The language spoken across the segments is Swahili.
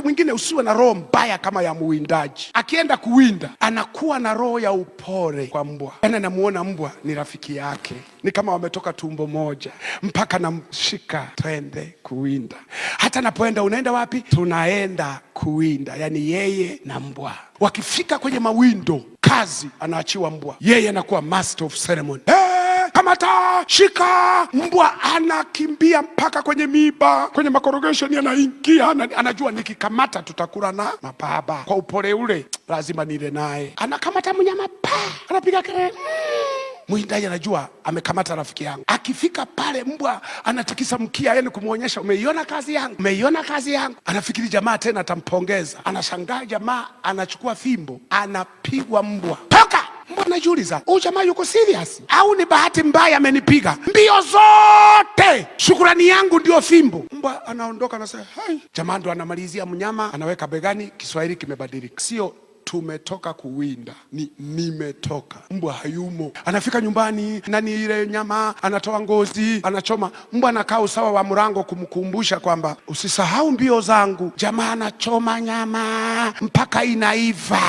wakati mwingine usiwe na roho mbaya kama ya mwindaji Akienda kuwinda, anakuwa na roho ya upore kwa mbwa, yaani anamuona mbwa ni rafiki yake, ni kama wametoka tumbo moja, mpaka namshika twende kuwinda. Hata anapoenda, unaenda wapi? Tunaenda kuwinda, yaani yeye na mbwa. Wakifika kwenye mawindo, kazi anaachiwa mbwa, yeye anakuwa master of ceremony. Hey! kamata, shika. Mbwa anakimbia mpaka kwenye miiba, kwenye makorogesheni anaingia, anajua nikikamata tutakula na mababa. Kwa upole ule lazima nile naye, anakamata mnyama pa, anapiga kelele Mwindaji anajua amekamata rafiki yangu. Akifika pale, mbwa anatikisa mkia, yani kumwonyesha, umeiona kazi yangu, umeiona kazi yangu. Anafikiri jamaa tena atampongeza, anashangaa jamaa anachukua fimbo, anapigwa mbwa, toka najiuliza huyu oh, jamaa yuko serious au ni bahati mbaya amenipiga? Mbio zote shukurani yangu ndio fimbo. Mbwa anaondoka, anasema hai, jamaa ndo anamalizia mnyama, anaweka begani. Kiswahili kimebadilika, sio tumetoka kuwinda, ni nimetoka. Mbwa hayumo, anafika nyumbani nani ile nyama, anatoa ngozi, anachoma. Mbwa anakaa usawa wa mrango kumkumbusha kwamba usisahau mbio zangu. Jamaa anachoma nyama mpaka inaiva,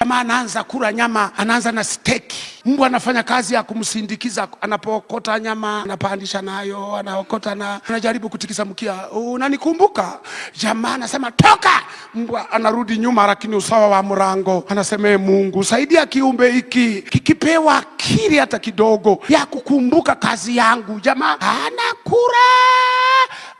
jamaa anaanza kula nyama, anaanza na steki Mungu anafanya kazi ya kumsindikiza, anapokota nyama anapandisha nayo, anaokota na anajaribu kutikisa mkia, unanikumbuka jamaa, anasema toka. Mungu anarudi nyuma, lakini usawa wa mrango anasema, e Mungu saidia kiumbe hiki, kikipewa akili hata kidogo ya kukumbuka kazi yangu. Jamaa anakura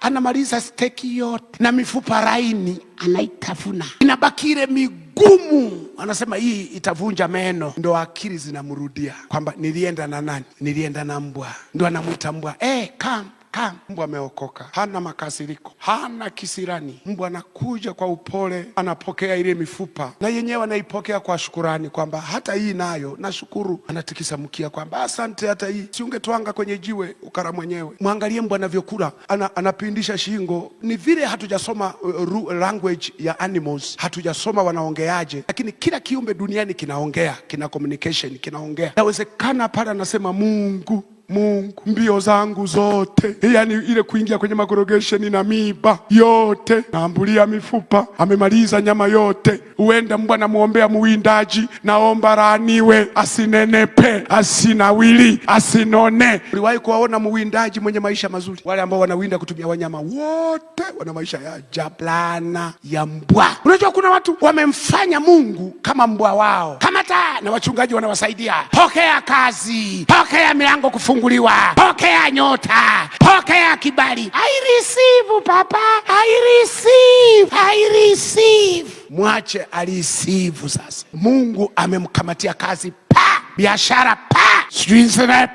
anamaliza steki yote na mifupa laini anaitafuna, inabakire miguu ngumu, anasema hii itavunja meno. Ndo akili zinamrudia kwamba nilienda na nani? Nilienda na mbwa. Ndo anamwita mbwa, hey, eh, come ha, mbwa ameokoka, hana makasiriko, hana kisirani. Mbwa anakuja kwa upole, anapokea ile mifupa na yenyewe anaipokea kwa shukurani, kwamba hata hii nayo nashukuru. Anatikisa mkia kwamba asante, hata hii siungetwanga kwenye jiwe ukara mwenyewe. Mwangalie mbwa anavyokula, ana, anapindisha shingo. Ni vile hatujasoma uh, language ya animals, hatujasoma wanaongeaje, lakini kila kiumbe duniani kinaongea, kina communication, kinaongea. Nawezekana pale anasema Mungu Mungu, mbio zangu zote, yani ile kuingia kwenye makorogesheni na miba yote, naambulia mifupa, amemaliza nyama yote. Uenda mbwa, namuombea muwindaji, naomba laaniwe, asinenepe, asinawili, asinone. Uliwahi kuwaona muwindaji mwenye maisha mazuri? Wale ambao wanawinda kutumia wanyama wote wana maisha ya ajabu. Laana ya mbwa. Unajua kuna watu wamemfanya Mungu kama mbwa wao kama unapata na wachungaji wanawasaidia. Pokea kazi, pokea milango kufunguliwa, pokea nyota, pokea kibali. I receive papa, I receive, I receive. Mwache alisivu sasa. Mungu amemkamatia kazi, pa biashara, pa sijui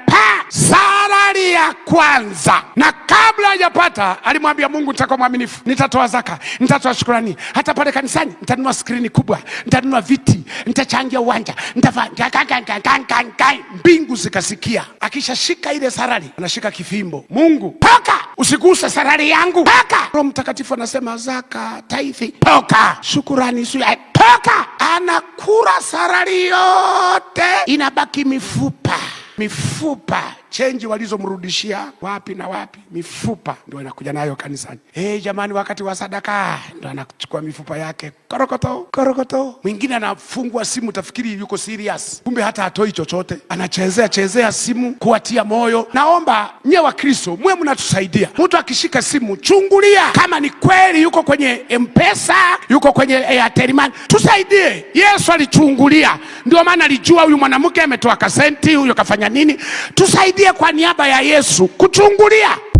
pa salari ya kwanza, na kabla hajapata alimwambia Mungu, nitakuwa mwaminifu, nitatoa zaka, nitatoa shukurani, hata pale kanisani nitanunua skrini kubwa, nitanunua viti, nitachangia uwanja, nitafanya mbingu zikasikia. Akishashika ile sarari anashika kifimbo, Mungu toka, usiguse sarari yangu, toka. Roho Mtakatifu anasema zaka, taithi, toka, shukurani su eh, toka, anakura sarari yote, inabaki mifupa mifupa chenji walizomrudishia wapi na wapi, mifupa ndio inakuja nayo kanisani. Hey, eh, jamani, wakati wa sadaka ndo anachukua mifupa yake korokoto korokoto. Mwingine anafungua simu, tafikiri yuko serious, kumbe hata hatoi chochote, anachezea chezea simu kuwatia moyo. Naomba nye wa Kristo mwe mnatusaidia, mtu akishika simu chungulia kama ni kweli yuko kwenye Mpesa, yuko kwenye Airtel Money, tusaidie. Yesu alichungulia, ndio maana alijua huyu mwanamke ametoa kasenti, huyo kafanya nini, tusaidie nisaidie kwa niaba ya Yesu kuchungulia